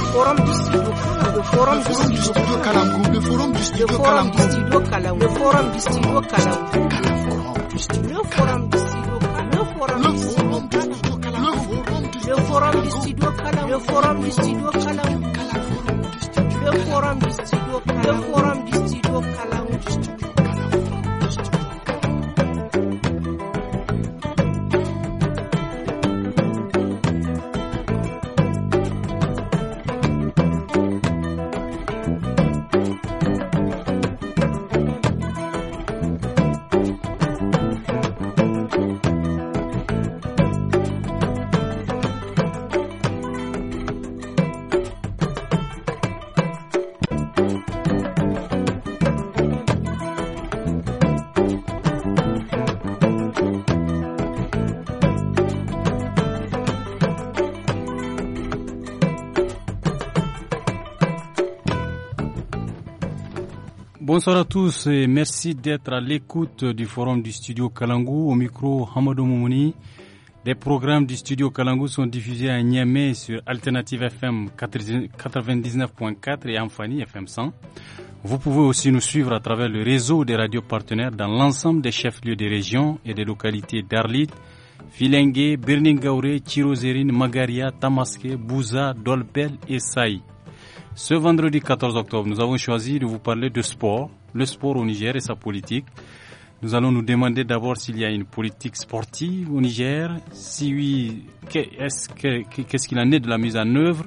The forum du studio le forum du studio Calamou forum du studio Calamou forum du studio Calamou forum du studio Calamou forum du studio Calamou forum du studio Calamou forum du studio Calamou forum du studio Calamou forum du studio Calamou forum du studio Bonsoir à tous et merci d'être à l'écoute du forum du studio Kalangou. Au micro, Hamadou Moumouni. Les programmes du studio Kalangou sont diffusés à Niamey sur Alternative FM 99.4 et Amfani FM 100. Vous pouvez aussi nous suivre à travers le réseau des radios partenaires dans l'ensemble des chefs-lieux des régions et des localités d'Arlit, Filengue, Birningaure, Chirozérine, Magaria, Tamaske, Bouza, Dolpel et Saï. Ce vendredi 14 octobre, nous avons choisi de vous parler de sport, le sport au Niger et sa politique. Nous allons nous demander d'abord s'il y a une politique sportive au Niger. Si oui, qu'est-ce qu'il en est de la mise en œuvre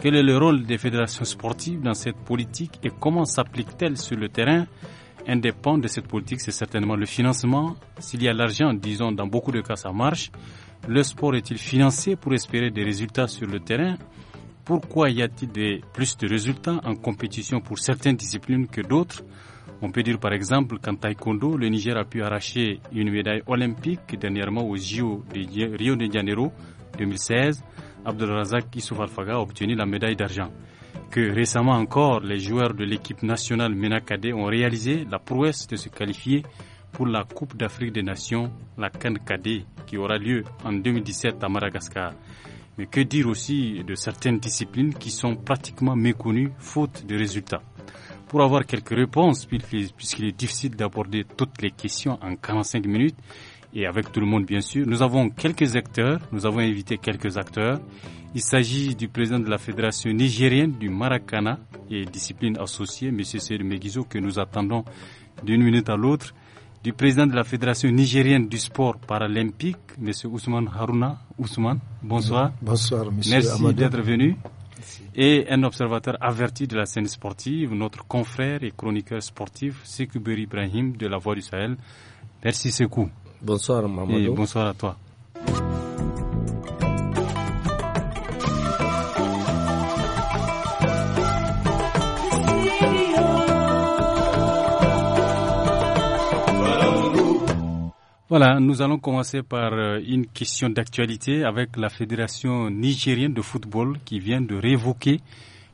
Quel est le rôle des fédérations sportives dans cette politique et comment s'applique-t-elle sur le terrain Indépendant de cette politique, c'est certainement le financement. S'il y a l'argent, disons, dans beaucoup de cas, ça marche. Le sport est-il financé pour espérer des résultats sur le terrain pourquoi y a-t-il plus de résultats en compétition pour certaines disciplines que d'autres On peut dire par exemple qu'en taekwondo, le Niger a pu arracher une médaille olympique dernièrement au JO de Rio de Janeiro 2016. Abdelrazak Issouf Alfaga a obtenu la médaille d'argent. Que récemment encore, les joueurs de l'équipe nationale Ménacadé ont réalisé la prouesse de se qualifier pour la Coupe d'Afrique des Nations, la CAN qui aura lieu en 2017 à Madagascar. Mais que dire aussi de certaines disciplines qui sont pratiquement méconnues faute de résultats Pour avoir quelques réponses, puisqu'il est difficile d'aborder toutes les questions en 45 minutes, et avec tout le monde bien sûr, nous avons quelques acteurs, nous avons invité quelques acteurs. Il s'agit du président de la Fédération nigérienne du Maracana et discipline associée, M. Seyd Megizo, que nous attendons d'une minute à l'autre du président de la Fédération nigérienne du sport paralympique, Monsieur Ousmane Haruna. Ousmane, bonsoir. Bonsoir, monsieur. Merci d'être venu. Et un observateur averti de la scène sportive, notre confrère et chroniqueur sportif, Sekouberi Ibrahim de La Voix du Sahel. Merci, Sekou. Bonsoir, maman. Et bonsoir à toi. Voilà, nous allons commencer par euh, une question d'actualité avec la Fédération nigérienne de football qui vient de révoquer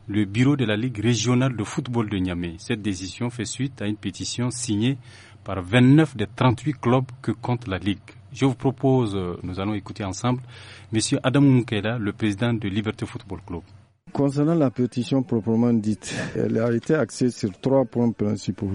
le bureau de la Ligue régionale de football de Niamey. Cette décision fait suite à une pétition signée par 29 des 38 clubs que compte la Ligue. Je vous propose, euh, nous allons écouter ensemble, monsieur Adam Moukela, le président de Liberté Football Club. Concernant la pétition proprement dite, elle a été axée sur trois points principaux.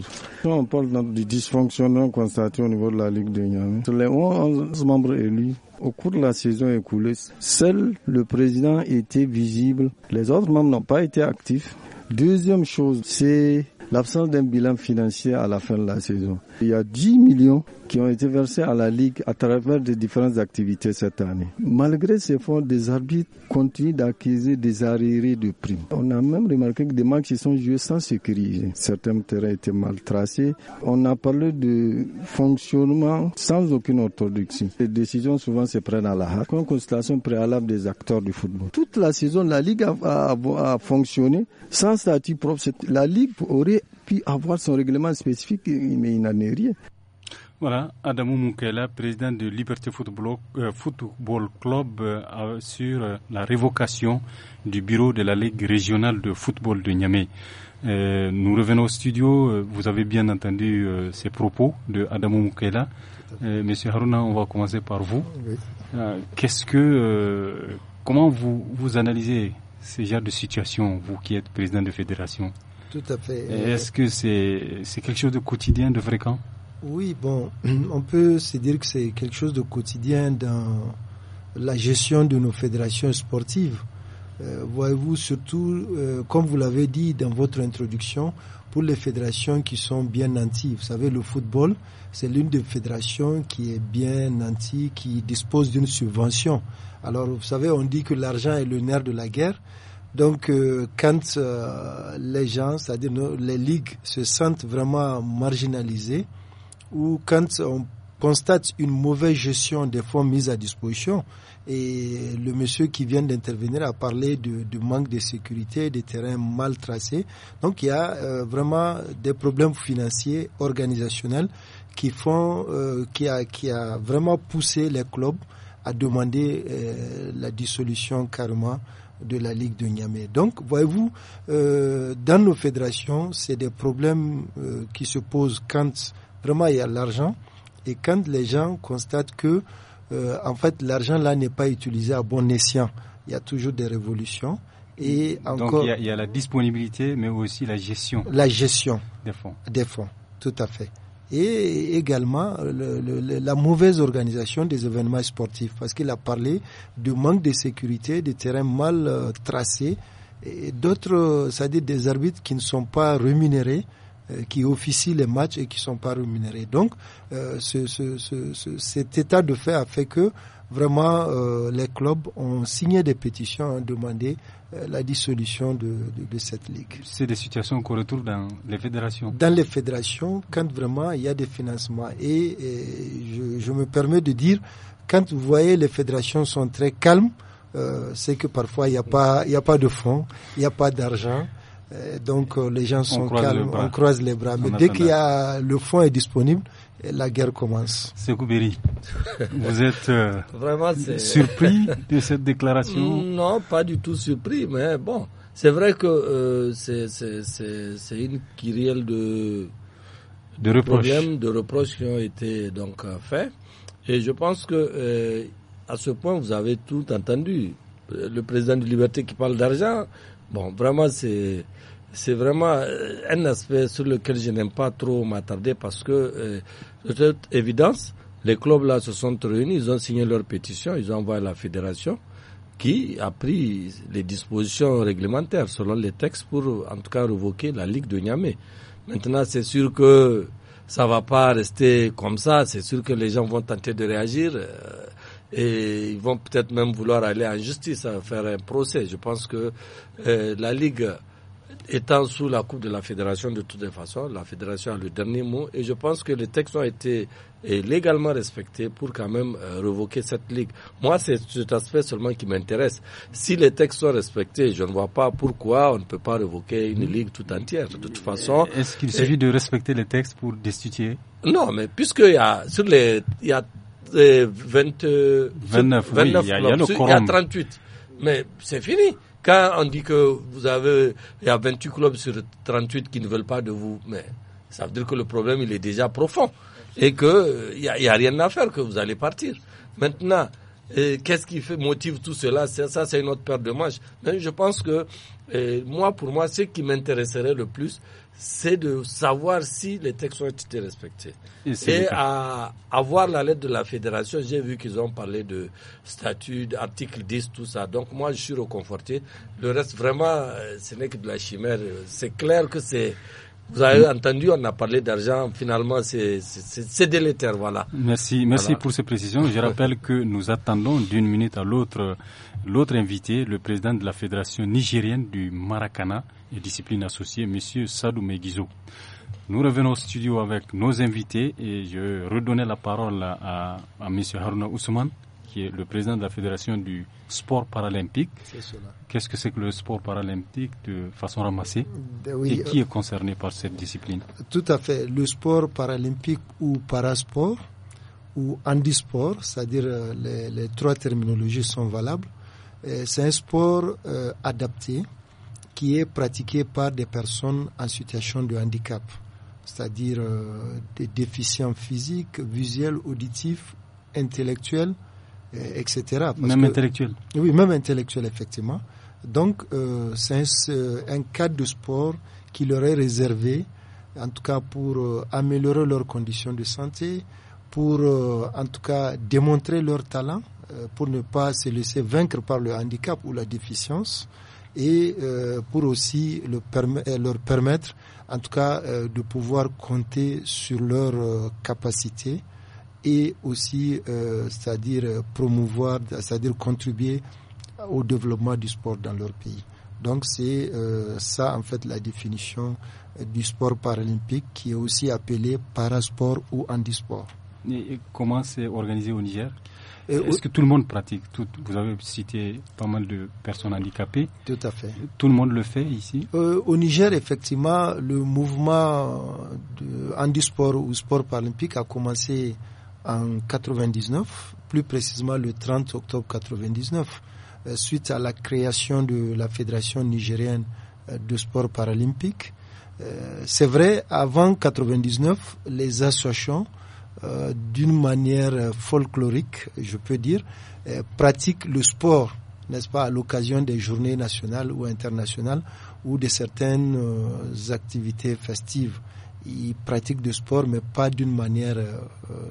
on parle du dysfonctionnement constaté au niveau de la Ligue de Niamey, sur les 11 membres élus, au cours de la saison écoulée, seul le président était visible. Les autres membres n'ont pas été actifs. Deuxième chose, c'est l'absence d'un bilan financier à la fin de la saison. Il y a 10 millions qui ont été versés à la Ligue à travers des différentes activités cette année. Malgré ces fonds, des arbitres continuent d'acquérir des arriérés de primes. On a même remarqué que des matchs se sont joués sans sécurité. Certains terrains étaient mal tracés. On a parlé de fonctionnement sans aucune orthodoxie. Les décisions souvent se prennent à la hâte, en consultation préalable des acteurs du football. Toute la saison, la Ligue a fonctionné sans statut propre. La Ligue aurait avoir son règlement spécifique, mais il n'en est rien. Voilà, Adamou Moukela, président de Liberté Football, euh, Football Club, euh, sur euh, la révocation du bureau de la Ligue régionale de football de Niamey. nous revenons au studio. Vous avez bien entendu ces propos de Adamou Moukela. Monsieur Haruna, on va commencer par vous. Ah, qu'est-ce que, comment vous, vous analysez ce genre de situation, vous qui êtes président de fédération tout à fait. Est-ce que c'est c'est quelque chose de quotidien, de fréquent Oui, bon, on peut se dire que c'est quelque chose de quotidien dans la gestion de nos fédérations sportives. Euh, voyez-vous, surtout, euh, comme vous l'avez dit dans votre introduction, pour les fédérations qui sont bien nanties. Vous savez, le football, c'est l'une des fédérations qui est bien nantie, qui dispose d'une subvention. Alors, vous savez, on dit que l'argent est le nerf de la guerre. Donc, euh, quand euh, les gens, c'est-à-dire les ligues, se sentent vraiment marginalisées, ou quand on constate une mauvaise gestion des fonds mis à disposition, et le monsieur qui vient d'intervenir a parlé du, manque de sécurité, des terrains mal tracés. Donc il y a euh, vraiment des problèmes financiers, organisationnels, qui font, qui a, qui a vraiment poussé les clubs à demander la dissolution carrément de la Ligue de Niamey. Donc, voyez-vous, euh, dans nos fédérations, c'est des problèmes euh, qui se posent quand vraiment il y a l'argent et quand les gens constatent que, euh, en fait, l'argent là n'est pas utilisé à bon escient. Il y a toujours des révolutions. Et encore, Donc il y, a, y a la disponibilité, mais aussi la gestion. La gestion des fonds. Des fonds, tout à fait et également la mauvaise organisation des événements sportifs parce qu'il a parlé du manque de sécurité, des terrains mal euh, tracés et d'autres, euh, c'est-à-dire des arbitres qui ne sont pas rémunérés euh, qui officient les matchs et qui sont pas rémunérés. Donc, ce, ce, ce, cet état de fait a fait que vraiment, euh, les clubs ont signé des pétitions, ont hein, demandé euh, la dissolution de, de, cette ligue. C'est des situations qu'on retrouve dans les fédérations Dans les fédérations, quand vraiment il y a des financements. Et, je, je, me permets de dire, quand vous voyez les fédérations sont très calmes, euh, c'est que parfois il n'y a, pas, y a pas de fonds, il n'y a pas d'argent. Euh, donc euh, les gens sont calmes, on croise les bras. Mais dès qu'il y a le fonds est disponible, euh, la guerre commence. Sekouberi, vous êtes Vraiment, surpris de cette déclaration Non, pas du tout surpris, mais bon, c'est vrai que c'est une querelle de, de reproches. de reproches qui ont été donc faits. Et je pense que à ce point, vous avez tout entendu. Le président de Liberté qui parle d'argent, Bon, vraiment, c'est c'est vraiment euh, un aspect sur lequel je n'aime pas trop m'attarder parce que, euh, évidence, les clubs là se sont réunis, ils ont signé leur pétition, ils ont envoyé la fédération qui a pris les dispositions réglementaires selon les textes pour en tout cas revoquer la Ligue de Niamey. Maintenant, c'est sûr que ça va pas rester comme ça, c'est sûr que les gens vont tenter de réagir. Euh, et ils vont peut-être même vouloir aller en justice, faire un procès. Je pense que euh, la Ligue étant sous la coupe de la fédération de toutes les façons, la fédération a le dernier mot et je pense que les textes ont été légalement respectés pour quand même euh, revoquer cette ligue. Moi, c'est cet aspect seulement qui m'intéresse. Si les textes sont respectés, je ne vois pas pourquoi on ne peut pas revoquer une mm. ligue tout entière. De toute façon, est-ce qu'il suffit de respecter les textes pour destituer Non, mais puisque y a sur les il y a 29, oui, y 38. Mais c'est fini. Quand on dit que vous avez, il y a 28 clubs sur 38 qui ne veulent pas de vous, mais ça veut dire que le problème, il est déjà profond. Et que, il n'y a, a rien à faire, que vous allez partir. Maintenant, qu'est-ce qui fait, motive tout cela Ça, c'est une autre paire de manches. Mais je pense que, moi, pour moi, ce qui m'intéresserait le plus, c'est de savoir si les textes ont été respectés. Et, à avoir la lettre de la fédération, j'ai vu qu'ils ont parlé de statut, d'article 10, tout ça. Donc moi, je suis reconforté. Le reste, vraiment, euh, ce n'est que de la chimère. Euh, c'est clair que c'est vous avez entendu, on a parlé d'argent. Finalement, c'est délétère. Voilà. Merci, merci pour ces précisions. Je rappelle que nous attendons d'une minute à l'autre l'autre invité, le président de la Fédération nigérienne du Maracana et discipline associée, Monsieur Sadou Megizo. Nous revenons au studio avec nos invités et je redonnais la parole à, à, Monsieur Haruna Ousmane qui est le président de la Fédération du sport paralympique. Qu'est-ce que c'est que le sport paralympique de façon ramassée ben Et qui euh, est concerné par cette discipline Tout à fait. Le sport paralympique ou parasport ou handisport, c'est-à-dire euh, les, trois terminologies sont valables, euh, c'est un sport adapté qui est pratiqué par des personnes en situation de handicap c'est-à-dire des déficients physiques, visuels, auditifs, intellectuels, etc. même intellectuel. Oui, même intellectuel, effectivement. Donc, euh, c'est euh, un, cadre de sport qui leur est réservé, en tout cas pour euh, améliorer leurs conditions de santé, pour euh, en tout cas démontrer leur talent, pour ne pas se laisser vaincre par le handicap ou la déficience, et pour aussi leur permettre, en tout cas, de pouvoir compter sur leurs capacités et aussi, euh, c'est-à-dire euh, promouvoir, c'est-à-dire contribuer au développement du sport dans leur pays. Donc c'est euh, ça en fait la définition du sport paralympique qui est aussi appelé parasport ou handisport. Et comment c'est organisé au Niger euh, Est-ce que tout le monde pratique tout, Vous avez cité pas mal de personnes handicapées. Tout à fait. Tout le monde le fait ici euh, Au Niger, effectivement, le mouvement de handisport ou sport paralympique a commencé en 99, plus précisément le 30 octobre 99, euh, suite à la création de la Fédération nigérienne euh, de sport paralympique. Euh, c'est vrai, avant 99, les associations, d'une manière folklorique, je peux dire, pratiquent le sport, n'est-ce pas, à l'occasion des journées nationales ou internationales ou de certaines activités festives ils pratiquent du sport, mais pas d'une manière, euh,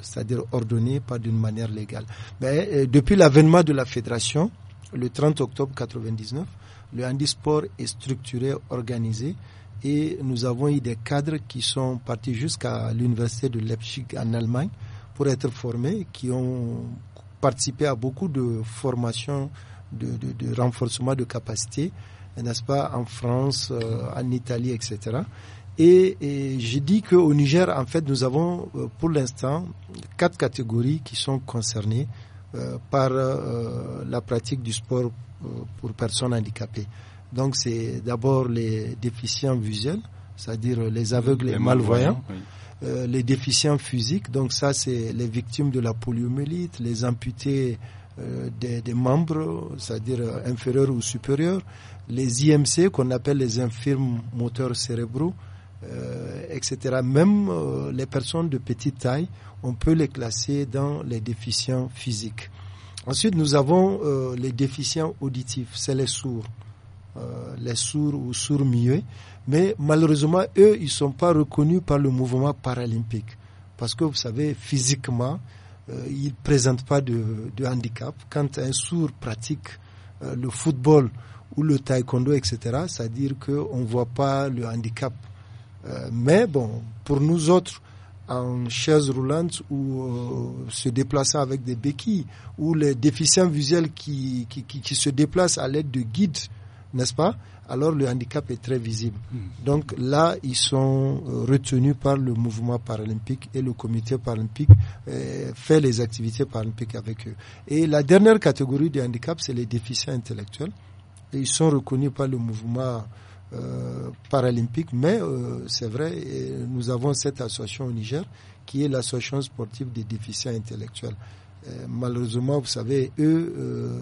c'est-à-dire ordonnée, pas d'une manière légale. Mais euh, depuis l'avènement de la fédération, le 30 octobre 99, le handisport est structuré, organisé, et nous avons eu des cadres qui sont partis jusqu'à l'université de Leipzig en Allemagne pour être formés, qui ont participé à beaucoup de formations de, de, de renforcement de capacités, n'est-ce pas, en France, euh, en Italie, etc. Et, j'ai dit qu'au Niger, en fait, nous avons euh, pour l'instant quatre catégories qui sont concernées euh, par euh, la pratique du sport pour personnes handicapées. Donc, c'est d'abord les déficients visuels, c'est-à-dire les aveugles et malvoyants. les déficients physiques, donc ça c'est les victimes de la poliomyélite, les amputés des, membres, c'est-à-dire inférieurs ou supérieurs, les IMC qu'on appelle les infirmes moteurs cérébraux, euh, etc. Même euh, les personnes de petite taille, on peut les classer dans les déficients physiques. Ensuite, nous avons euh, les déficients auditifs, c'est les sourds, les sourds ou sourds muets. Mais malheureusement, eux, ils ne sont pas reconnus par le mouvement paralympique. Parce que, vous savez, physiquement, ils ne présentent pas de, de, handicap. Quand un sourd pratique le football ou le taekwondo, etc., c'est-à-dire qu'on ne voit pas le handicap euh, mais bon, pour nous autres, en chaise roulante ou euh, se déplaçant avec des béquilles, ou les déficients visuels qui, qui, qui, se déplacent à l'aide de guides, n'est-ce pas Alors le handicap est très visible. Hmm. Donc là, ils sont euh, retenus par le mouvement paralympique et le comité paralympique fait les activités paralympiques avec eux. Et la dernière catégorie de handicap, c'est les déficients intellectuels. Et ils sont reconnus par le mouvement euh, paralympiques paralympique, mais euh, c'est vrai, nous avons cette association au Niger qui est l'association sportive des déficients intellectuels. Euh, malheureusement, vous savez, eux,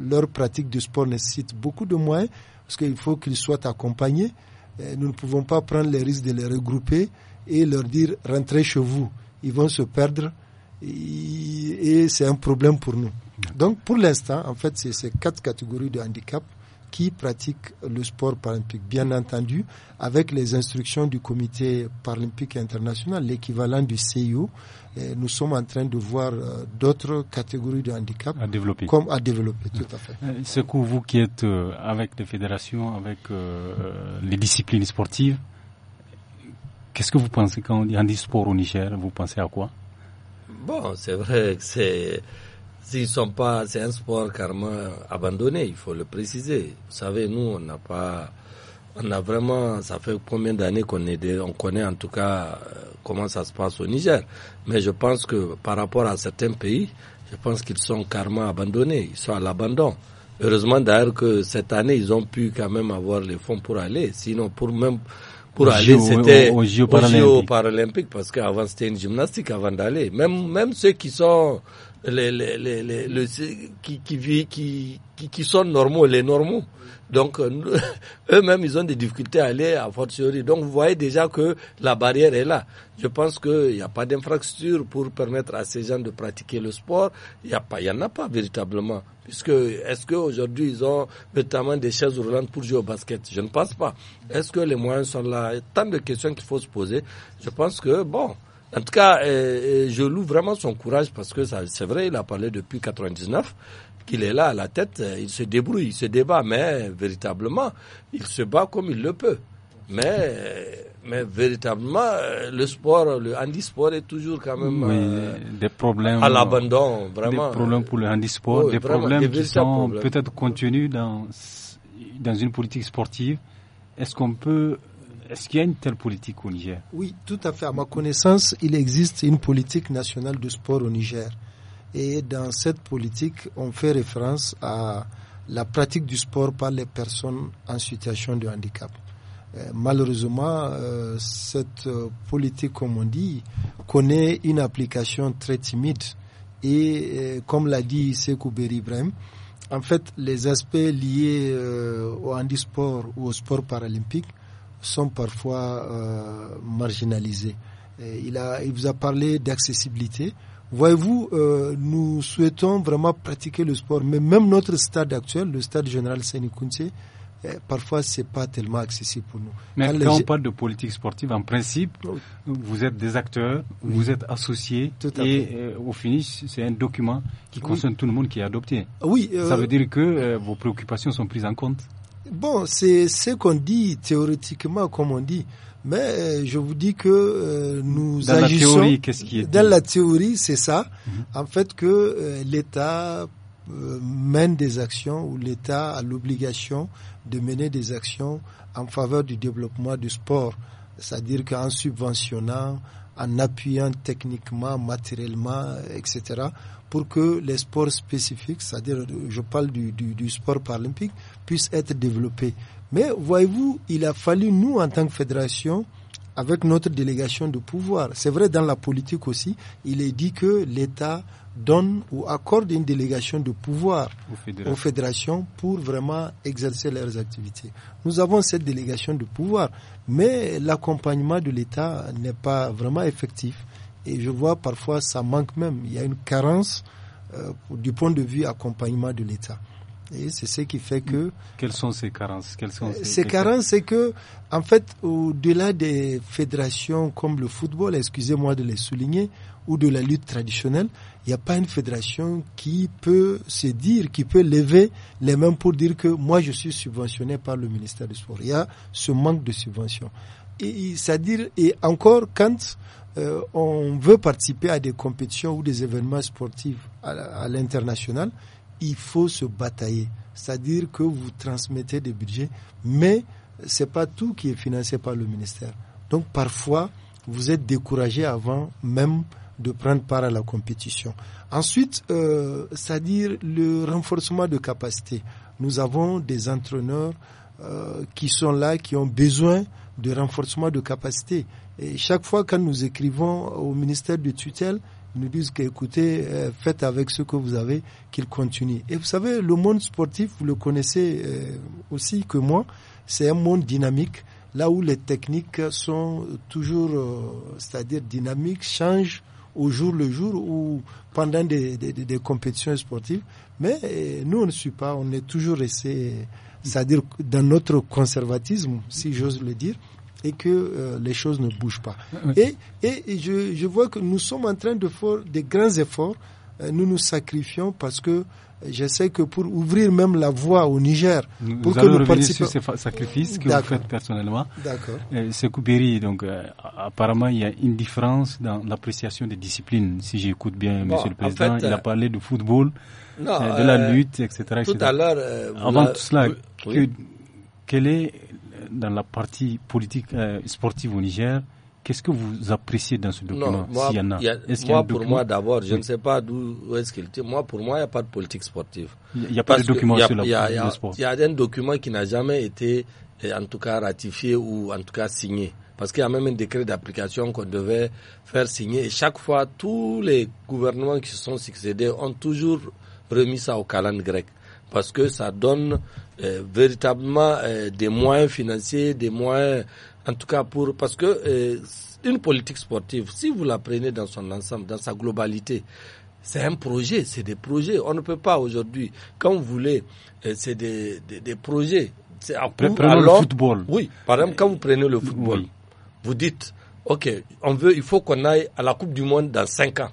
leur pratique du sport nécessite beaucoup de moyens parce qu'il faut qu'ils soient accompagnés. nous ne pouvons pas prendre les risques de les regrouper et leur dire rentrez chez vous. Ils vont se perdre et, et c'est un problème pour nous. Donc, pour l'instant, en fait, c'est ces quatre catégories de handicap qui pratiquent le sport paralympique, bien entendu, avec les instructions du Comité paralympique international, l'équivalent du CIO. Eh, nous sommes en train de voir euh, d'autres catégories de handicap à développer. comme à développer, tout à fait. Euh, ce que vous qui êtes euh, avec les fédérations, avec les disciplines sportives, qu'est-ce que vous pensez quand on dit sport au Niger Vous pensez à quoi Bon, c'est vrai que c'est S'ils sont pas, c'est un sport carrément abandonné, il faut le préciser. Vous savez, nous, on n'a pas, on a vraiment, ça fait combien d'années qu'on est, des, on connaît en tout cas euh, comment ça se passe au Niger. Mais je pense que par rapport à certains pays, je pense qu'ils sont carrément abandonnés, ils sont à l'abandon. Heureusement d'ailleurs que cette année, ils ont pu quand même avoir les fonds pour aller. Sinon, pour même, pour aller, c'était au, JO paralympique. parce qu'avant c'était une gymnastique avant d'aller. Même, même ceux qui sont les, les, les, les qui, qui, qui, qui, sont normaux, les normaux. Donc, euh, eux-mêmes, ils ont des difficultés à aller à fortiori. Donc, vous voyez déjà que la barrière est là. Je pense qu'il n'y a pas d'infrastructure pour permettre à ces gens de pratiquer le sport. Il n'y a pas, il y en a pas véritablement. Puisque, est-ce qu'aujourd'hui, ils ont notamment des chaises roulantes pour jouer au basket? Je ne pense pas. Est-ce que les moyens sont là? Tant de questions qu'il faut se poser. Je pense que, bon, en tout cas, euh, euh, je loue vraiment son courage parce que ça, c'est vrai, il a parlé depuis 99 qu'il est là à la tête, euh, il se débrouille, il se débat, mais véritablement, il se bat comme il le peut. Mais, mais véritablement, le sport, le handisport est toujours quand même des problèmes à l'abandon, vraiment. Des problèmes pour le handisport, des problèmes qui sont peut-être contenus dans, dans une politique sportive. Est-ce qu'on peut est-ce qu'il y a une telle politique au Niger Oui, tout à fait. À ma connaissance, il existe une politique nationale de sport au Niger. Et dans cette politique, on fait référence à la pratique du sport par les personnes en situation de handicap. Euh, malheureusement, euh, cette euh, politique, comme on dit, connaît une application très timide. Et comme l'a dit Sekou Ibrahim, en fait, les aspects liés au handisport ou au sport paralympique sont parfois euh, marginalisés. il, a, il vous a parlé d'accessibilité. Voyez-vous, euh, nous souhaitons vraiment pratiquer le sport, mais même notre stade actuel, le stade général Sénikounté, eh, parfois c'est pas tellement accessible pour nous. Mais quand, on parle de politique sportive, en principe, vous êtes des acteurs, vous êtes associés, et euh, au finish, c'est un document qui concerne tout le monde qui est adopté. Oui. Ça veut dire que vos préoccupations sont prises en compte. Bon, c'est ce qu'on dit théoriquement, comme on dit. Mais euh, je vous dis que nous euh, nous dans La théorie, qu'est-ce qui est Dans la théorie, c'est ça. Mhm. En fait, que euh, l'État mène des actions ou l'État a l'obligation de mener des actions en faveur du développement du sport. C'est-à-dire qu'en subventionnant, en appuyant techniquement, matériellement, etc., pour que les sports spécifiques, c'est-à-dire je parle du, du, du, sport paralympique, puissent être développés. Mais voyez-vous, il a fallu, nous, en tant que fédération, avec notre délégation de pouvoir, c'est vrai dans la politique aussi, il est dit que l'État donne ou accorde une délégation de pouvoir aux fédérations. pour vraiment exercer leurs activités. Nous avons cette délégation de pouvoir, mais l'accompagnement de l'État n'est pas vraiment effectif. Et je vois parfois ça manque même. Il y a une carence euh, du point de vue accompagnement de l'État. Et c'est ce qui fait que. Quelles sont ces carences sont euh, ces, ces carences, c'est que, en fait, au-delà des fédérations comme le football, excusez-moi de les souligner, ou de la lutte traditionnelle, il n'y a pas une fédération qui peut se dire, qui peut lever les mains pour dire que moi je suis subventionné par le ministère du Sport. Il y a ce manque de subvention. Et c'est-à-dire, et encore quand euh, on veut participer à des compétitions ou des événements sportifs à, l'international, il faut se batailler. C'est-à-dire que vous transmettez des budgets, mais c'est pas tout qui est financé par le ministère. Donc parfois, vous êtes découragé avant même de prendre part à la compétition. Ensuite, euh, c'est-à-dire le renforcement de capacité. Nous avons des entraîneurs euh, qui sont là, qui ont besoin de renforcement de capacité. Et chaque fois quand nous écrivons au ministère de tutelle, ils nous disent qu'écoutez, euh, faites avec ce que vous avez, qu'il continue. Et vous savez, le monde sportif, vous le connaissez euh, aussi que moi, c'est un monde dynamique, là où les techniques sont toujours, euh, c'est-à-dire dynamiques, changent au jour le jour ou pendant des, des, des, compétitions sportives. Mais euh, nous, on ne suit pas, on est toujours resté, euh, c'est-à-dire dans notre conservatisme, si j'ose le dire, et que euh, les choses ne bougent pas. Et, et, et je, je, vois que nous sommes en train de faire des grands efforts, nous nous sacrifions parce que je sais que pour ouvrir même la voie au Niger, pour que nous sur ces sacrifices que vous faites personnellement. D'accord. Euh, donc euh, apparemment il y a une différence dans l'appréciation des disciplines. Si j'écoute bien, Monsieur le Président, il a euh, parlé de football, euh, de la lutte, etc. Tout à l'heure. Avant tout cela, quelle est dans la partie politique sportive au Niger Qu'est-ce que vous appréciez dans ce document, s'il y en a, Moi, pour moi, d'abord, je ne sais pas d'où est-ce qu'il était. Moi, pour moi, il n'y a pas de politique sportive. Il n'y a, pas de document sur la, le sport. Il y a un document qui n'a jamais été, eh, en tout cas, ratifié ou en tout cas signé. Parce qu'il y a même un décret d'application qu'on devait faire signer. Et chaque fois, tous les gouvernements qui se sont succédés ont toujours remis ça au calendrier grec. Parce que ça donne eh, véritablement eh, des moyens financiers, des moyens en tout cas pour parce que euh, une politique sportive, si vous la prenez dans son ensemble, dans sa globalité, c'est un projet, c'est des projets. On ne peut pas aujourd'hui, quand vous voulez, euh, c'est des, des, projets. C'est à le football. Oui, par exemple, quand vous prenez le football, vous dites, OK, on veut, il faut qu'on aille à la Coupe du Monde dans 5 ans.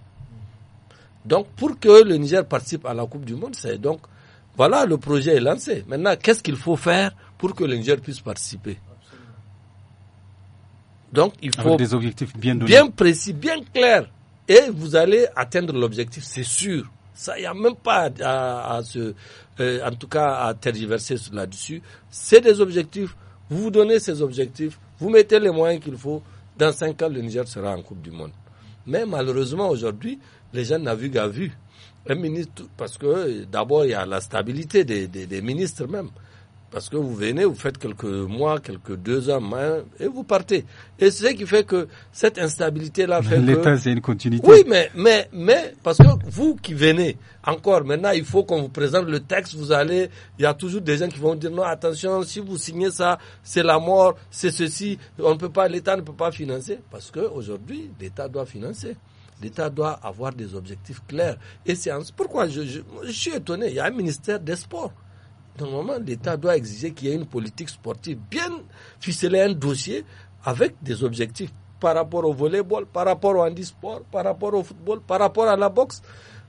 Donc, pour que le Niger participe à la Coupe du Monde, c'est donc, voilà, le projet est lancé. Maintenant, qu'est-ce qu'il faut faire pour que le Niger puisse participer donc, il faut. des objectifs bien précis, bien clair, Et vous allez atteindre l'objectif, c'est sûr. Ça, il n'y a même pas à, se, euh, en tout cas, à tergiverser là-dessus. C'est des objectifs. Vous vous donnez ces objectifs. Vous mettez les moyens qu'il faut. Dans cinq ans, le Niger sera en Coupe du Monde. Mais malheureusement, aujourd'hui, les gens n'ont qu'à vu. Un ministre, parce que d'abord, il y a la stabilité des ministres même. Parce que vous venez, vous faites quelques mois, quelques deux ans, et vous partez. Et c'est ce qui fait que cette instabilité-là fait L'État, c'est une continuité. Oui, mais, mais, mais, parce que vous qui venez, encore, maintenant, il faut qu'on vous présente le texte, vous allez, il y a toujours des gens qui vont dire, non, attention, si vous signez ça, c'est la mort, c'est ceci, on peut pas, l'État ne peut pas financer. Parce que aujourd'hui, l'État doit financer. L'État doit avoir des objectifs clairs. Et c'est pourquoi je suis étonné, il y a un ministère des Sports. Normalement, l'État doit exiger qu'il y ait une politique sportive bien ficelée, un dossier avec des objectifs par rapport au volleyball, par rapport au handisport, par rapport au football, par rapport à la boxe.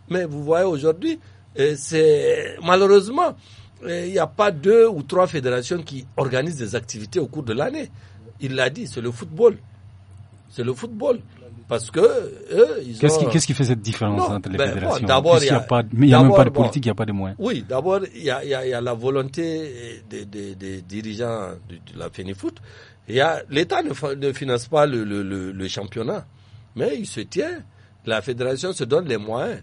Mais vous voyez aujourd'hui, euh, c'est malheureusement, euh, il n'y a pas deux ou trois fédérations qui organisent des activités au cours de l'année. Il l'a dit, c'est le football. C'est le football parce que eux, ils qu'est-ce ont... qui, qu'est-ce qui fait cette différence entre les ben, fédérations il n'y a, y a même pas de politique, il n'y a pas de moyens. Oui, d'abord, il y a, y a, la volonté des, des, des dirigeants de, Il la a L'État ne, finance pas le, le, le, championnat, mais il se tient. La fédération se donne les moyens.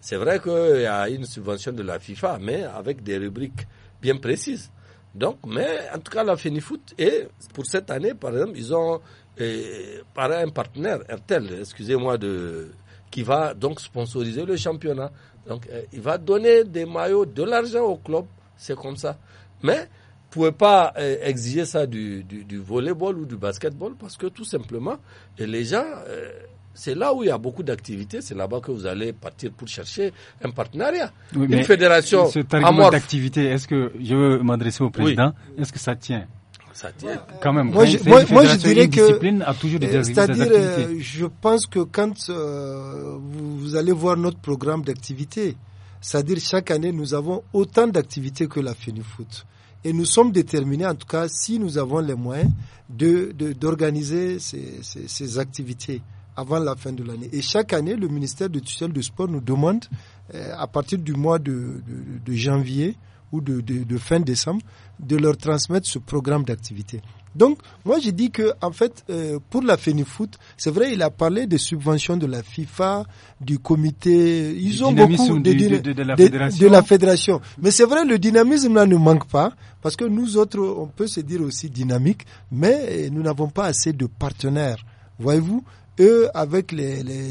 C'est vrai qu'il y a une subvention de la FIFA, mais avec des rubriques bien précises. Donc, mais en tout cas, la FENIFOOT, est pour cette année, par exemple, ils ont par un partenaire, un excusez-moi, de qui va donc sponsoriser le championnat. Donc euh, il va donner des maillots, de l'argent au club, c'est comme ça. Mais vous pouvez pas euh, exiger ça du, volleyball ou du basketball parce que tout simplement, les gens, euh, c'est là où il y a beaucoup d'activités, c'est là-bas que vous allez partir pour chercher un partenariat. Une fédération. Cet argument d'activité, est-ce que, je veux m'adresser au président, est-ce que ça tient ça tient quand même. Moi, je, dirais que. C'est-à-dire, euh, je pense que quand euh, vous, allez voir notre programme d'activité, c'est-à-dire chaque année, nous avons autant d'activités que la foot Et nous sommes déterminés, en tout cas, si nous avons les moyens, d'organiser de, d'organiser ces, activités avant la fin de l'année. Et chaque année, le ministère de tutelle du sport nous demande, euh, à partir du mois de, de janvier, ou de, de, fin décembre, de leur transmettre ce programme d'activité. Donc, moi, j'ai dit que, en fait, euh, pour la FENIFOOT, c'est vrai, il a parlé des subventions de la FIFA, du comité, ils ont beaucoup de, de, la fédération. Mais c'est vrai, le dynamisme là ne manque pas, parce que nous autres, on peut se dire aussi dynamique, mais nous n'avons pas assez de partenaires. Voyez-vous, eux, avec les,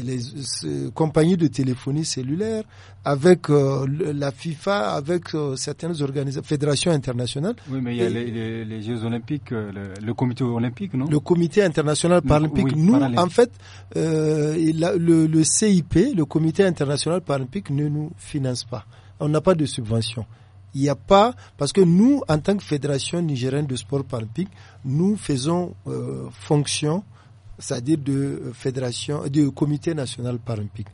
compagnies de téléphonie cellulaire, avec euh, la FIFA, avec euh, certaines organisations, fédérations internationales. Oui, mais il y a les, Jeux olympiques, euh, le, comité olympique, non Le comité international paralympique. nous, en fait, le, CIP, le comité international paralympique, ne nous finance pas. On n'a pas de subvention. Il n'y a pas, parce que nous, en tant que fédération nigérienne de sport paralympique, nous faisons fonction c'est-à-dire de fédération, du comité national paralympique.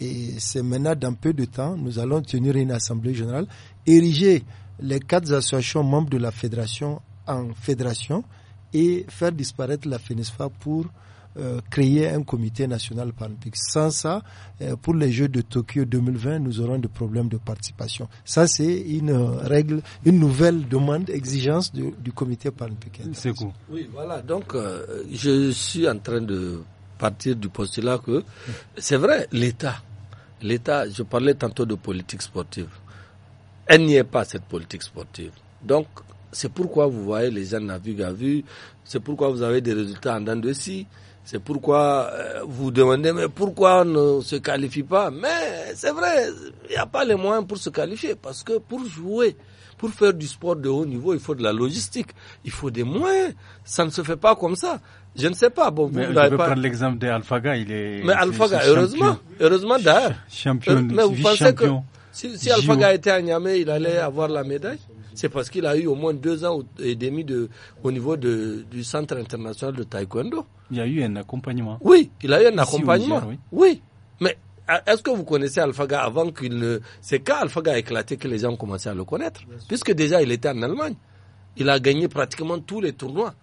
Et c'est maintenant dans peu de temps, nous allons tenir une assemblée générale, ériger les quatre associations membres de la fédération en fédération et faire disparaître la FENESFA pour euh, créer un comité national paralympique. Sans ça, euh, pour les Jeux de Tokyo 2020, nous aurons des problèmes de participation. Ça, c'est une euh, règle, une nouvelle demande, exigence du comité paralympique. C'est cool. Oui, voilà. Donc, je suis en train de partir du postulat que c'est vrai, l'État, l'État, je parlais tantôt de politique sportive. Elle n'y est pas, cette politique sportive. Donc, c'est pourquoi vous voyez les gens naviguent à vue, c'est pourquoi vous avez des résultats en dents de scie. C'est pourquoi euh, vous demandez, mais pourquoi on ne se qualifie pas Mais c'est vrai, il n'y a pas les moyens pour se qualifier, parce que pour jouer, pour faire du sport de haut niveau, il faut de la logistique, il faut des moyens. Ça ne se fait pas comme ça. Je ne sais pas. Bon, mais je vais prendre l'exemple d'Alfaga il est. Mais heureusement, heureusement d'ailleurs. Champion, euh, mais vous si, si était à Niamey, il allait avoir la médaille c'est parce qu'il a eu au moins deux ans et demi de, au niveau de, du Centre international de taekwondo. Il y a eu un accompagnement. Oui, il a eu un accompagnement. oui. Mais euh, est-ce que vous connaissez Alphaga avant qu'il ne... C'est quand Alphaga a éclaté que les gens ont commencé à le connaître. Puisque déjà, il était en Allemagne. Il a gagné pratiquement tous les tournois,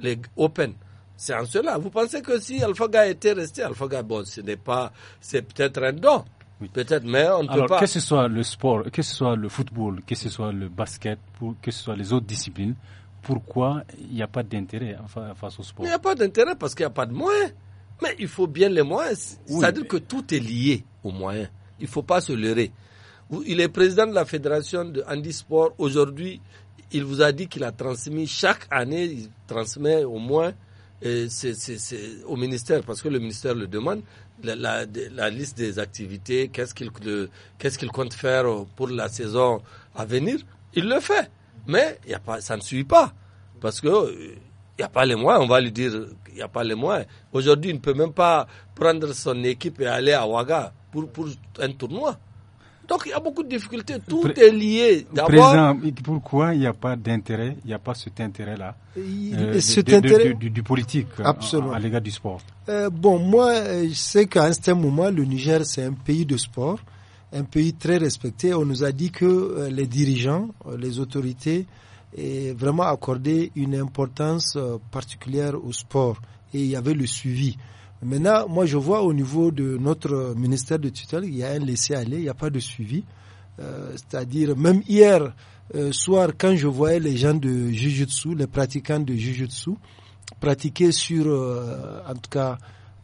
les Open. C'est en cela. Vous pensez que si Alphaga était resté, Alphaga, bon, ce n'est pas... C'est peut-être un don. Peut-être, mais on ne peut pas. Que ce soit le sport, que ce soit le football, que ce soit le basket, que ce soit les autres disciplines, pourquoi il n'y a pas d'intérêt face au sport Il n'y a pas d'intérêt parce qu'il n'y a pas de moyens. Mais il faut bien les moyens. Oui, C'est-à-dire que tout est lié aux moyens. Il ne faut pas se leurrer. Il est président de la fédération de handisport. Aujourd'hui, il vous a dit qu'il a transmis chaque année, il transmet au moins au ministère, parce que le ministère le demande, la, la, la liste des activités, qu'est-ce qu'il qu'est-ce qu'il compte faire pour la saison à venir. Il le fait. Mais y a pas, ça ne suit pas. Parce que il euh, n'y a pas les moyens, on va lui dire qu'il n'y a pas les moyens. Aujourd'hui, il ne peut même pas prendre son équipe et aller à Ouaga pour, un tournoi. Donc il y a beaucoup de difficultés, tout est lié. pourquoi il n'y a pas d'intérêt, il n'y a pas cet intérêt-là euh, du, politique hein, à, l'égard du sport euh, Bon, moi, je sais qu'à un certain moment, le Niger, c'est un pays de sport un pays très respecté. On nous a dit que euh, les dirigeants, euh, les autorités, et vraiment accordé une importance euh, particulière au sport et il y avait le suivi. Maintenant, moi je vois au niveau de notre ministère de tutelle, il y a un laissé aller il n'y a pas de suivi. Euh, C'est-à-dire, même hier soir, quand je voyais les gens de Jujutsu, les pratiquants de Jujutsu, pratiquer sur, en tout cas,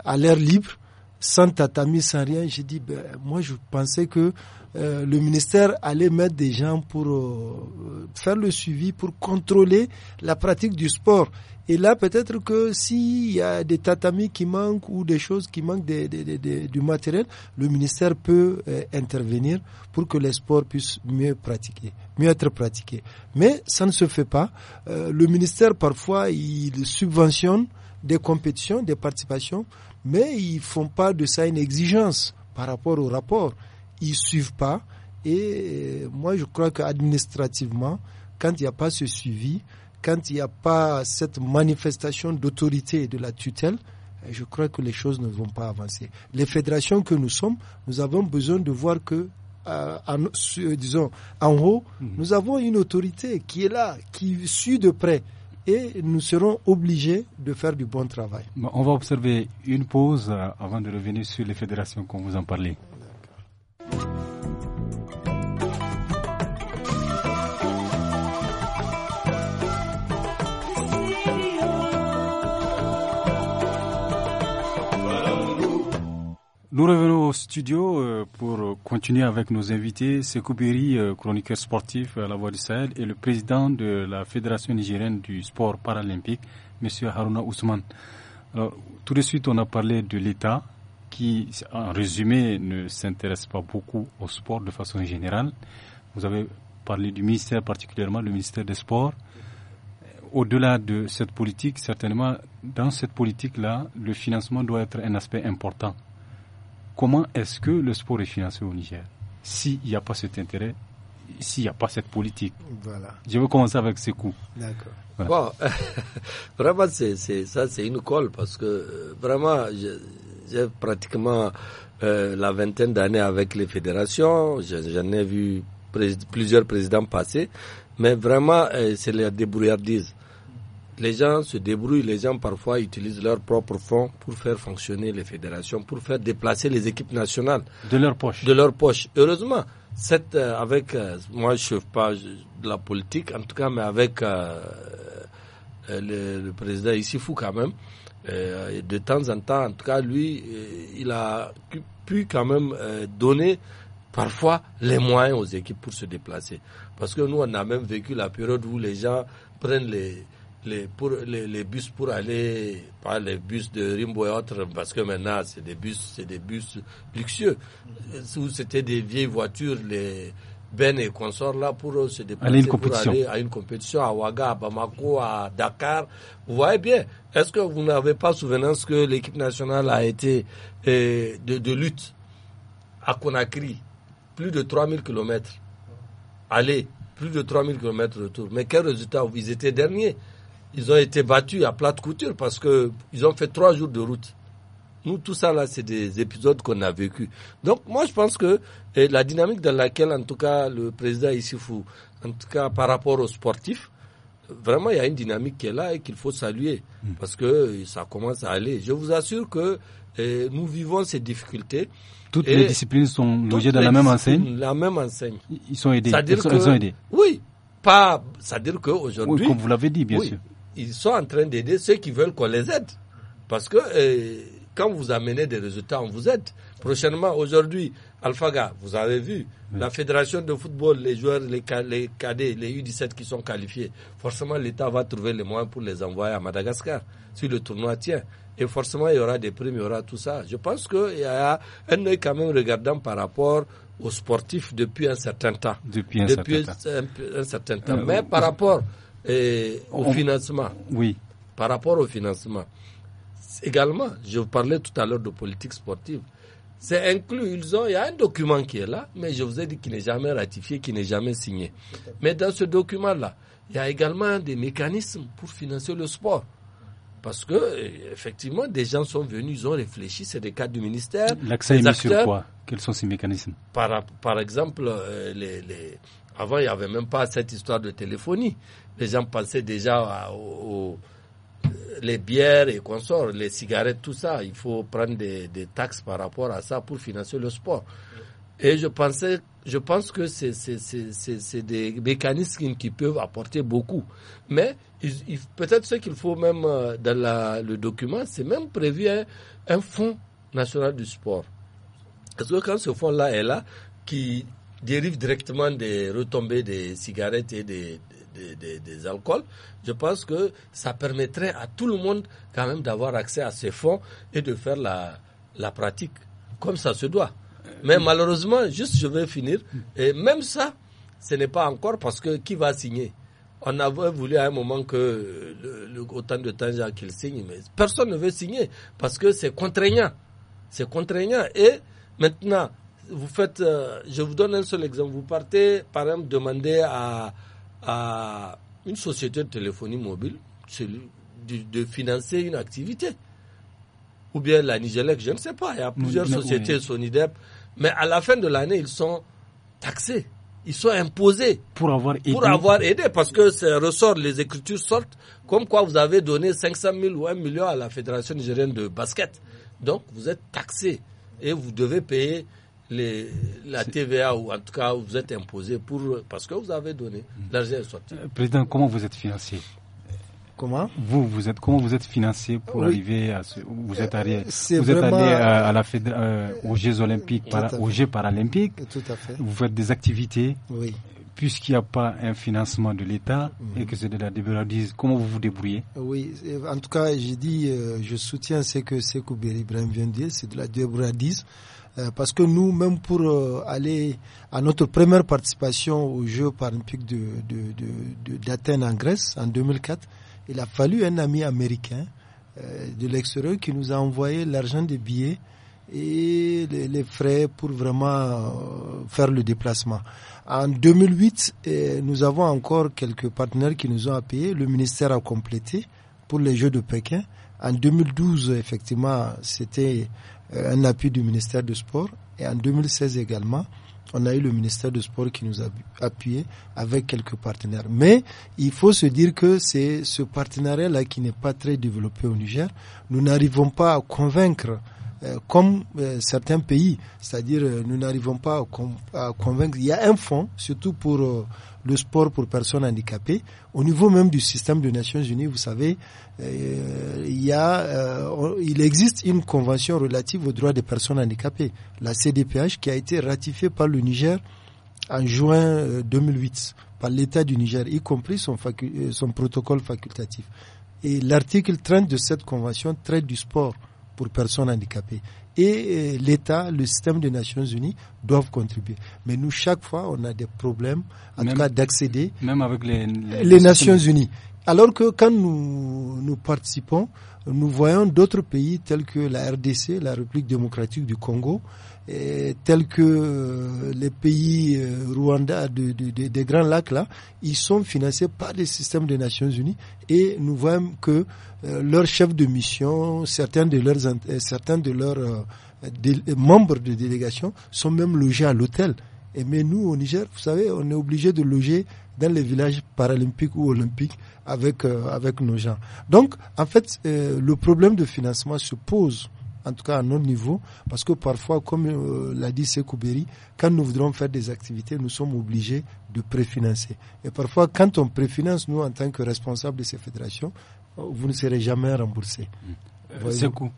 à l'air libre, sans tatami, sans rien. J'ai dit, ben, moi, je pensais que euh, le ministère allait mettre des gens pour euh, faire le suivi, pour contrôler la pratique du sport. Et là, peut-être que s'il y a des tatamis qui manquent ou des choses qui manquent des, des, du matériel, le ministère peut euh, intervenir pour que les sports puissent mieux pratiquer, mieux être pratiqué. Mais ça ne se fait pas. le ministère, parfois, il subventionne des compétitions, des participations, mais ils ne font pas de ça une exigence par rapport au rapport. Ils ne suivent pas. Et euh, moi, je crois qu'administrativement, quand il n'y a pas ce suivi, quand il n'y a pas cette manifestation d'autorité et de la tutelle, euh, je crois que les choses ne vont pas avancer. Les fédérations que nous sommes, nous avons besoin de voir que, euh, en, disons, en haut, mhm. nous avons une autorité qui est là, qui suit de près et nous serons obligés de faire du bon travail. On va observer une pause euh, avant de revenir sur les fédérations qu'on vous en parlait. Nous revenons au studio euh, pour continuer avec nos invités. C'est Berry, euh, chroniqueur sportif à la Voix du Sahel et le président de la Fédération nigérienne du sport paralympique, Monsieur Haruna Ousmane. tout de suite, on a parlé de l'État qui, en résumé, ne s'intéresse pas beaucoup au sport de façon générale. Vous avez parlé du ministère particulièrement, le ministère des Sports au-delà de cette politique, certainement, dans cette politique-là, le financement doit être un aspect important comment est-ce que le sport est financé au Niger S'il n'y a pas cet intérêt, s'il n'y a pas cette politique. Voilà. Je veux commencer avec ces coups. D'accord. vraiment, c'est, ça, c'est une colle parce que euh, vraiment, j'ai pratiquement euh, la vingtaine d'années avec les fédérations. J'en ai vu plusieurs présidents passer. Mais vraiment, euh, c'est la débrouillardise. Les gens se débrouillent, les gens parfois utilisent leurs propres fonds pour faire fonctionner les fédérations, pour faire déplacer les équipes nationales. De leur poche. De leur poche. Heureusement, cette, euh, avec, euh, moi je ne suis pas de la politique, en tout cas, mais avec euh, le, le, président Issifou quand même, de temps en temps, en tout cas, lui, il a pu quand même donner parfois les moyens aux équipes pour se déplacer. Parce que nous, on a même vécu la période où les gens prennent les, les, pour, les, bus pour aller, pas les bus de Rimbo et autres, parce que maintenant c'est des bus, c'est des bus luxueux. Euh, c'était des vieilles voitures, les Ben et consorts là pour euh, aller à une compétition à Ouaga, à Bamako, à Dakar. Vous voyez bien, est-ce que vous n'avez pas souvenance que l'équipe nationale a été euh, de, lutte à Conakry, plus de 3000 km aller, plus de 3000 km retour. Mais quel résultat Ils étaient derniers ils ont été battus à plate couture parce que ils ont fait trois jours de route. Nous, tout ça là, c'est des épisodes qu'on a vécu. Donc, moi, je pense que la dynamique dans laquelle, en tout cas, le président Issifou, en tout cas, par rapport aux sportifs, vraiment, il y a une dynamique qui est là et qu'il faut saluer hmm. parce que ça commence à aller. Je vous assure que nous vivons ces difficultés. Toutes les disciplines sont logées dans la même enseigne. La même enseigne. Ils sont aidés. Ils aidés. Oui, pas, c'est-à-dire qu'aujourd'hui. Oui, comme vous l'avez dit, bien sûr ils sont en train d'aider ceux qui veulent qu'on les aide. Parce que euh, quand vous amenez des résultats, on vous aide. Prochainement, aujourd'hui, AlphaGa, vous avez vu, la fédération de football, les joueurs, les, les cadets, les U17 qui sont qualifiés, forcément l'État va trouver les moyens pour les envoyer à Madagascar si le tournoi tient. Et forcément, il y aura des primes, il y aura tout ça. Je pense qu'il y a un œil quand même regardant par rapport aux sportifs depuis un certain temps. Depuis un certain temps. Euh, Mais par rapport au financement. Oui. Par rapport au financement. Également, je vous parlais tout à l'heure de politique sportive. C'est inclus, ils ont, il y a un document qui est là, mais je vous ai dit qu'il n'est jamais ratifié, qu'il n'est jamais signé. Mais dans ce document-là, il y a également des mécanismes pour financer le sport. Parce que, euh, effectivement, des gens sont venus, ils ont réfléchi, c'est des cas du ministère. L'accès est mis sur quoi Quels sont ces mécanismes par, par exemple, euh, les, les, avant, il n'y avait même pas cette histoire de téléphonie. Les gens pensaient déjà aux, les bières et consorts, les cigarettes, tout ça. Il faut prendre des, taxes par rapport à ça pour financer le sport. Et je pensais, je pense que c'est des mécanismes qui peuvent apporter beaucoup. Mais peut-être ce qu'il faut même euh, dans le document, c'est même prévu un, un fonds national du sport. Parce que quand ce fonds-là est là, qui, dérive directement des retombées des cigarettes et des, des, des, alcools, je pense que ça permettrait à tout le monde quand même d'avoir accès à ces fonds et de faire la, la pratique comme ça se doit. Mais euh, malheureusement, juste je vais finir, hmm. et même ça, ce n'est pas encore parce que qui va signer on avait voulu à un moment que le, autant de temps qu'il signe, mais personne ne veut signer parce que c'est contraignant. C'est contraignant. Et maintenant, vous faites, euh, je vous donne un seul exemple. Vous partez, par exemple, demander à, à une société de téléphonie mobile de, financer une activité. Ou bien la Nigélec, je ne sais pas. Il y a plusieurs sociétés, oui. Sonidep. Mais à la fin de l'année, ils sont taxés. Ils sont imposés. Pour avoir aidé. Pour avoir aidé, parce que ça ressort, les écritures sortent, comme quoi vous avez donné 500 000 ou 1 million à la Fédération nigérienne de basket. Donc, vous êtes taxé et vous devez payer les, la TVA ou en tout cas vous êtes imposé pour parce que vous avez donné mm. l'argent euh, Président, comment vous êtes financé Comment Vous, vous êtes comment vous êtes financé pour arriver à ce vous êtes allé euh, vous êtes allé à, la euh, aux Jeux olympiques, aux Jeux paralympiques. Vous faites des activités. Oui. Puisqu'il n'y a pas un financement de l'État mm. et que c'est de la débrouillardise, comment vous vous débrouillez Oui, en tout cas, j'ai dit, je soutiens ce que Sekou Ibrahim vient de dire, c'est de la débrouillardise. Euh, parce que nous, même pour euh, aller à notre première participation aux Jeux paralympiques d'Athènes de, de, de, en Grèce en 2004, il a fallu un ami américain euh, de l'extérieur qui nous a envoyé l'argent des billets et les, frais pour vraiment faire le déplacement. En 2008, nous avons encore quelques partenaires qui nous ont appuyés. Le ministère a complété pour les Jeux de Pékin. En 2012, effectivement, c'était euh, un appui du ministère du Sport. Et en 2016 également, on a eu le ministère du Sport qui nous a appuyé avec quelques partenaires. Mais il faut se dire que c'est ce partenariat-là qui n'est pas très développé au Niger. Nous n'arrivons pas à convaincre euh, comme euh, certains pays, c'est-à-dire euh, nous n'arrivons pas à, convaincre. Il y a un fonds, surtout pour le sport pour personnes handicapées. Au niveau même du système des Nations Unies, vous savez, il, y a, il existe une convention relative aux droits des personnes handicapées, la CDPH, qui a été ratifiée par le Niger en juin 2008, par l'État du Niger, y compris son, son protocole facultatif. Et l'article 30 de cette convention traite du sport pour personnes handicapées. Et euh, l'État, le système des Nations Unies doivent contribuer. Mais nous, chaque fois, on a des problèmes, en tout cas, d'accéder. Même avec les, les Nations Unies. Alors que quand nous, nous participons, nous voyons d'autres pays tels que la RDC, la République démocratique du Congo, et tels que euh, les pays euh, Rwanda des Grands Lacs, là, ils sont financés par des systèmes des Nations Unies et nous voyons que euh, leurs chefs de mission, certains de leurs, certains de leurs membres de délégation sont même logés à l'hôtel. Et mais nous, au Niger, vous savez, on est obligé de loger dans les villages paralympiques ou olympiques avec, euh, avec nos gens. Donc, en fait, euh, le problème de financement se pose, en tout cas à notre niveau, parce que parfois, comme euh, l'a dit Sekouberi, quand nous voudrons faire des activités, nous sommes obligés de préfinancer. Et parfois, quand on préfinance, nous, en tant que responsables de ces fédérations, vous ne serez jamais remboursés. Sekou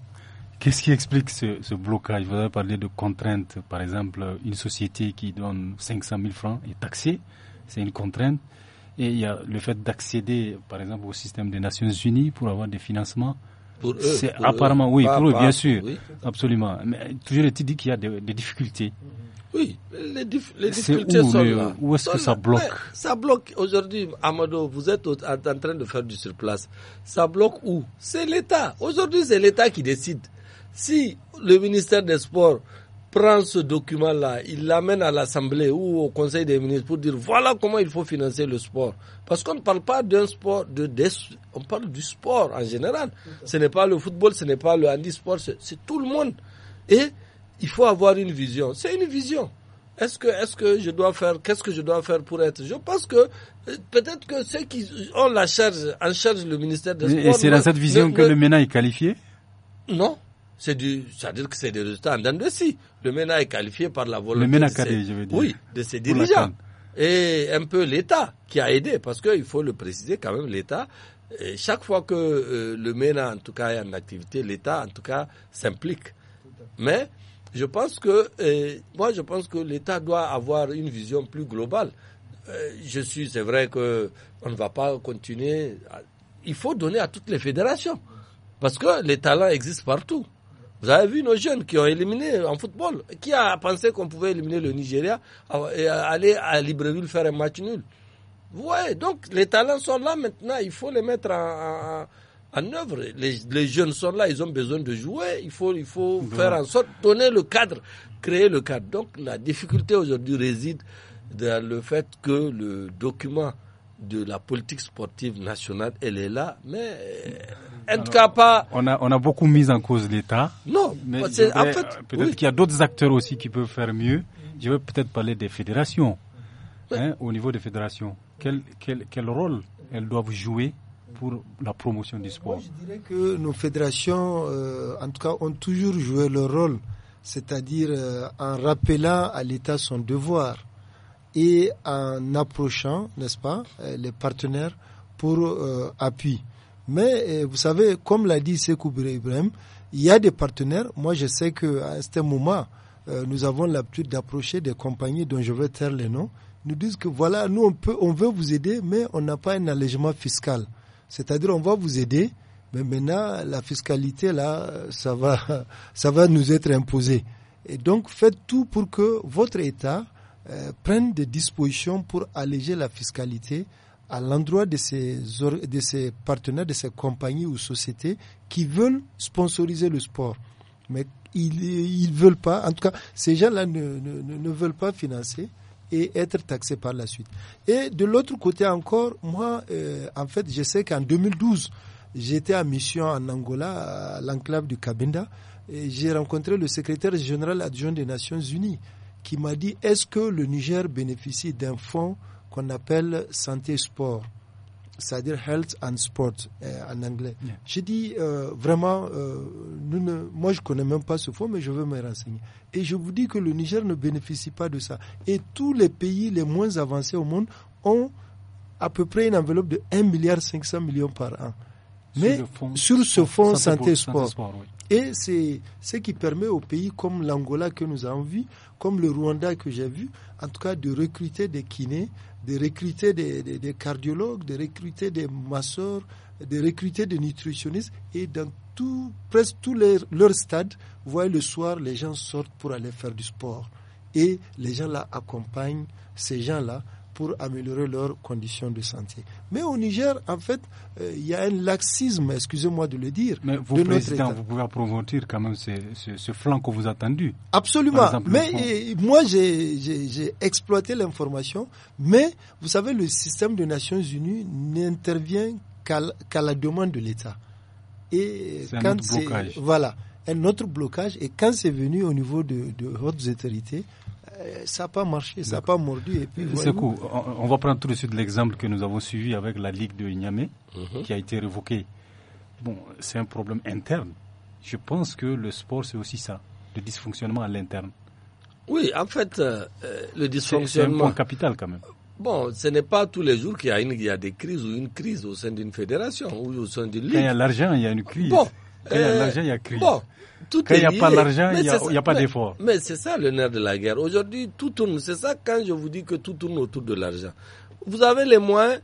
Qu'est-ce qui explique ce, blocage Vous avez parlé de contraintes. Par exemple, une société qui donne 500 000 francs est taxée. C'est une contrainte. Et il y a le fait d'accéder, par exemple, au système des Nations Unies pour avoir des financements. Pour eux C'est apparemment, oui, pour eux, bien sûr. Absolument. Mais toujours est-il dit qu'il y a des, difficultés. Oui, les, difficultés sont là. Où est-ce que ça bloque Ça bloque aujourd'hui, Amado, vous êtes en train de faire du surplace. Ça bloque où C'est l'État. Aujourd'hui, c'est l'État qui décide. Si le ministère des Sports prend ce document-là, il l'amène à l'Assemblée ou au Conseil des ministres pour dire voilà comment il faut financer le sport. Parce qu'on ne parle pas d'un sport, de, on parle du sport en général. Ce n'est pas le football, ce n'est pas le handisport, c'est tout le monde. Et il faut avoir une vision. C'est une vision. Est-ce que, est-ce que je dois faire, qu'est-ce que je dois faire pour être Je pense que euh, peut-être que ceux qui ont la charge, en charge le ministère des Sports. Et c'est dans cette vision que le MENA est qualifié Non c'est du, ça veut dire que c'est des résultats en dents Le MENA est qualifié par la volonté. de ses, je dire. de ses dirigeants. Et un peu l'État qui a aidé, parce qu'il faut le préciser quand même, l'État, chaque fois que euh, le MENA en tout cas est en activité, l'État en tout cas s'implique. Mais je pense que, euh, moi je pense que l'État doit avoir une vision plus globale. Euh, je suis, c'est vrai que on ne va pas continuer. il faut donner à toutes les fédérations. Parce que les talents existent partout. Vous avez vu nos jeunes qui ont éliminé en football. Qui a pensé qu'on pouvait éliminer le Nigeria ah, et euh, aller à Libreville faire un match nul Vous voyez, donc les talents sont là maintenant, il faut les mettre en, œuvre. Les, jeunes sont là, ils ont besoin de jouer, il faut, il faut faire en sorte, de donner le cadre, créer le cadre. Donc la difficulté aujourd'hui réside dans le fait que le document de la politique sportive nationale, elle est là, mais en tout cas pas. On a, on a beaucoup mis en cause l'État. Non, mais peut-être qu'il y a d'autres acteurs aussi qui peuvent faire mieux. Je vais peut-être parler des fédérations. Hein, au niveau des fédérations, quel, rôle elles doivent jouer pour la promotion du sport Je dirais que nos fédérations, euh, en tout cas, ont toujours joué leur rôle, c'est-à-dire euh, en rappelant à l'État son devoir et en approchant, n'est-ce pas, euh, les partenaires pour euh, appui. Mais euh, vous savez, comme l'a dit Sekou Ibrahim, il y a des partenaires. Moi, je sais que à ce moment, euh, nous avons l'habitude d'approcher des compagnies dont je vais taire les noms. nous disent que voilà, nous, on, peut, on veut vous aider, mais on n'a pas un allègement fiscal. C'est-à-dire, on va vous aider, mais maintenant, la fiscalité, là, ça va, ça va nous être imposé. Et donc, faites tout pour que votre État euh, prennent des dispositions pour alléger la fiscalité à l'endroit de ces, de ces partenaires, de ces compagnies ou sociétés qui veulent sponsoriser le sport. Mais ils ne veulent pas, en tout cas, ces gens-là ne, ne, ne, veulent pas financer et être taxés par la suite. Et de l'autre côté encore, moi, euh, en fait, je sais qu'en 2012, j'étais en mission en Angola, à l'enclave du Cabinda, et j'ai rencontré le secrétaire général adjoint des Nations Unies qui m'a dit est-ce que le Niger bénéficie d'un fonds qu'on appelle santé sport c'est-à-dire health and sport euh, en anglais. J'ai dit euh, vraiment, Moi, euh, nous ne, moi je connais même pas ce fonds, mais je veux me renseigner. Et je vous dis que le Niger ne bénéficie pas de ça. Et tous les pays les moins avancés au monde ont à peu près une enveloppe de 1,5 milliard par an. mais sur, ce fonds santé, sport, santé sport oui. Et c'est ce qui permet aux pays comme l'Angola que nous avons vu, comme le Rwanda que j'ai vu, en tout cas de recruter des kinés, de recruter des, cardiologues, de recruter des masseurs, de recruter des nutritionnistes. Et dans tout, presque tous leurs stades, voyez, le soir, les gens sortent pour aller faire du sport. Et les gens là accompagnent ces gens-là pour améliorer leurs conditions de santé. Mais au Niger, en fait, euh, il y a un laxisme, excusez-moi de le dire. Mais vous, Président, vous pouvez approfondir quand même ce, ce, flanc que vous attendu. Absolument. mais euh, moi, j'ai exploité l'information. Mais vous savez, le système des Nations Unies n'intervient qu'à la demande de l'État. Et quand c'est Voilà, un autre blocage. Et quand c'est venu au niveau de, votre autorité... autorités, euh, ça n'a pas marché, ça n'a pas mordu. on, va prendre tout de suite l'exemple que nous avons suivi avec la Ligue de Niamey, mhm. qui a été révoquée. Bon, c'est un problème interne. Je pense que le sport, c'est aussi ça, le dysfonctionnement à l'interne. Oui, en fait, euh, euh, le dysfonctionnement. C'est un point capital quand même. Bon, ce n'est pas tous les jours qu'il y, a des crises ou une crise au sein d'une fédération ou au sein d'une ligue. Quand il y a l'argent, il y a une crise. Euh, quand il y a l'argent, il y a crise. quand il n'y a pas l'argent, il n'y a, pas d'effort. Mais, c'est ça le nerf de la guerre. Aujourd'hui, tout tourne. C'est ça quand je vous dis que tout tourne autour de l'argent. Vous avez les moyens,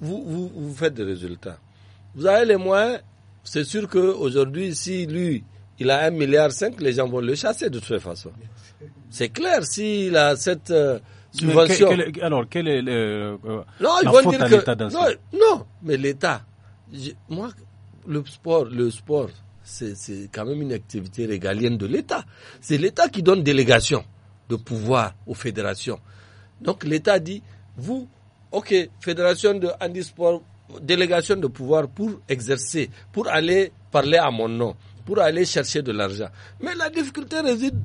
vous, vous, vous faites des résultats. Vous avez les moyens, c'est sûr qu'aujourd'hui, si lui, il a 1,5 milliard, les gens vont le chasser de toute façon. C'est clair, s'il a cette euh, subvention. alors, quel est le. Euh, non, euh, ils vont dire Non, non, mais l'État. Moi, le sport, le sport, c'est quand même une activité régalienne de l'État. C'est l'État qui donne délégation de pouvoir aux fédérations. Donc l'État dit, vous, ok, fédération de handisport, délégation de pouvoir pour exercer, pour aller parler à mon nom, pour aller chercher de l'argent. Mais la difficulté réside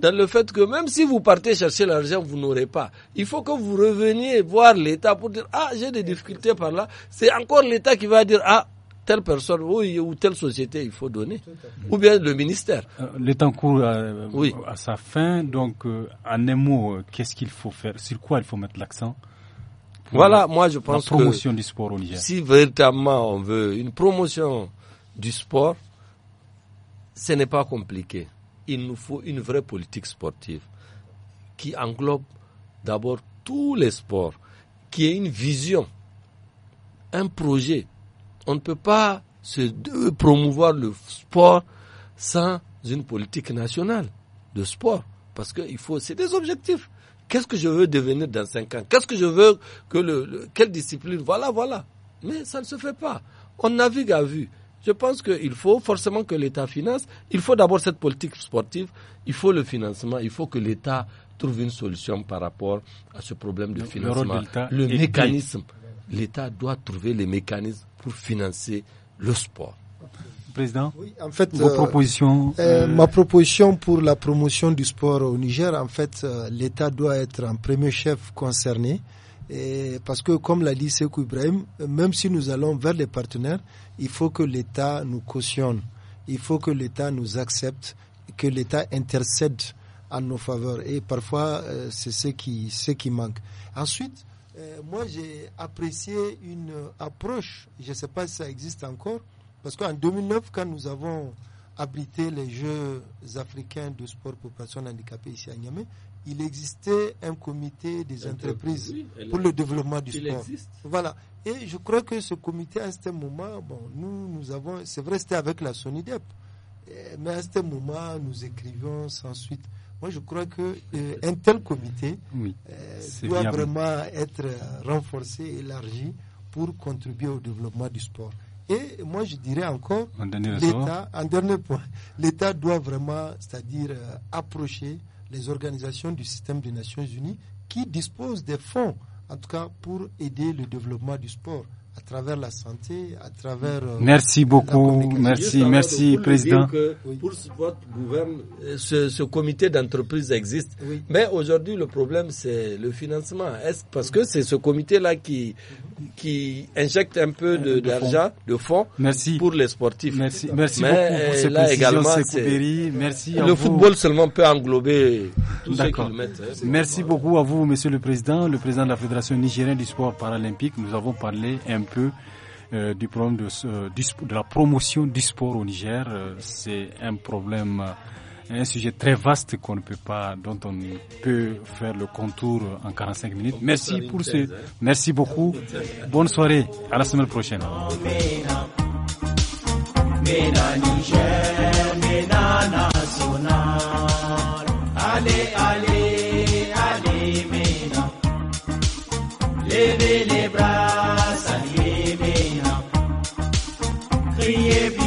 dans le fait que même si vous partez chercher l'argent, vous n'aurez pas. Il faut que vous reveniez voir l'État pour dire, ah, j'ai des difficultés par là. C'est encore l'État qui va dire, ah, telle personne ou, telle société il faut donner, ou bien le ministère. Euh, le court euh, à, sa fin, donc euh, en un mot, qu'est-ce qu'il faut faire Sur quoi il faut mettre l'accent Voilà, moi je pense promotion du sport au si véritablement on veut une promotion du sport, ce n'est pas compliqué. Il nous faut une vraie politique sportive qui englobe d'abord tous les sports, qui ait une vision, un projet on ne peut pas se promouvoir le sport sans une politique nationale de sport. Parce il faut, c'est des objectifs. Qu'est-ce que je veux devenir dans cinq ans Qu'est-ce que je veux que le, quelle discipline Voilà, voilà. Mais ça ne se fait pas. On navigue à vue. Je pense qu'il faut forcément que l'État finance. Il faut d'abord cette politique sportive. Il faut le financement. Il faut que l'État trouve une solution par rapport à ce problème de financement. Le, mécanisme l'État doit trouver les mécanismes pour financer le sport. Président, vos euh, propositions euh, euh, Ma proposition pour la promotion du sport au Niger, en fait, l'État doit être en premier chef concerné. parce que, comme l'a dit Sekou Ibrahim, même si nous allons vers les partenaires, il faut que l'État nous cautionne, il faut que l'État nous accepte, que l'État intercède en nos faveurs. Et parfois, c'est ce qui, ce qui manque. Ensuite, euh, moi j'ai apprécié une approche, je ne sais pas si ça existe encore, parce qu'en 2009, quand nous avons abrité les Jeux africains de sport pour personnes handicapées ici à Niamey, il existait un comité des entreprises pour le développement du il sport. Existe. Voilà. Et je crois que ce comité, à ce moment, bon, nous, nous avons, c'est vrai, c'était avec la SONIDEP, euh, mais à ce moment, nous écrivions sans suite. Moi, je crois que euh, tel comité euh, doit vraiment être renforcé, élargi pour contribuer au développement du sport. Et moi, je dirais encore, l'État, dernier point, l'État doit vraiment, c'est-à-dire euh, approcher les organisations du système des Nations Unies qui disposent des fonds, en tout cas pour aider le développement du sport à travers la santé, à travers. Euh, merci beaucoup, merci, merci, Président. Pour gouverne, euh, ce, comité d'entreprise existe. Mais aujourd'hui, le problème, c'est le financement. Est-ce parce que c'est ce comité-là qui mhm qui injecte un peu euh, d'argent, de, fonds pour les sportifs. Merci, merci beaucoup pour ces merci à le football seulement peut englober tous hein. Merci beaucoup à vous, Monsieur le Président, le Président de la Fédération nigérienne du sport paralympique. Nous avons parlé un peu euh, du problème de, euh, de, la promotion du sport au Niger. C'est un problème un sujet très vaste qu'on ne peut pas, dont on peut faire le contour en 45 minutes. Merci pour ce, hein. merci beaucoup. Bonne soirée. À la semaine prochaine. Levez les bras, saluez Criez